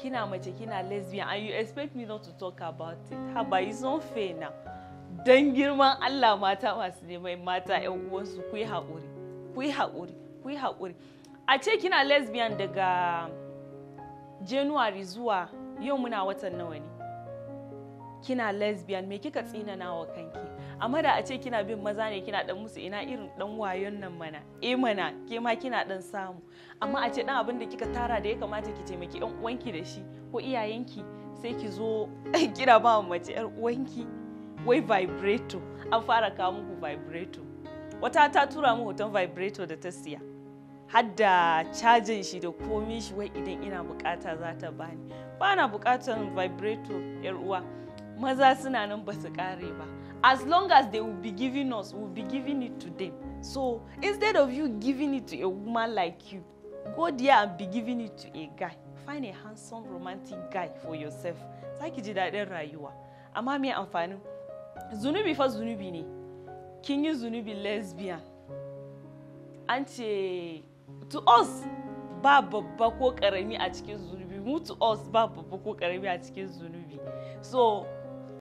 kina mace kina lesbian and you expect me not to talk about it haba it's not fair now dan girman Allah mata masu neman mata yan uwansu ku yi haƙuri ku yi haƙuri ku yi haƙuri a ce kina lesbian daga january zuwa yau muna watan nawa ne kina lesbian me kika tsinana wa kanki amma da a ce kina bin maza ne kina dan musu ina irin dan wayon nan mana eh mana ke ma kina dan samu amma a ce dan abin da kika tara da ya kamata ki taimaki yan uwanki da shi ko iyayenki sai ki zo kina ba mace yar uwanki wai vibrato an fara kawo muku vibrato wata ta tura mu hoton vibrato da ta siya hadda cajin shi da komi shi wai idan ina bukata za ta bani ba na bukatan vibrato yar uwa maza suna nan ba su kare ba as long as they will be giving us we will be giving it to them so instead of you giving it to a woman like you go there and be giving it to a guy find a handsome romantic guy for yourself saki ji daɗin rayuwa amma me amfanin zunubi fa zunubi ne kin yi zunubi lesbian an ce to us ba babba ko karami a cikin zunubi mu to us ba babba ko karami a cikin zunubi so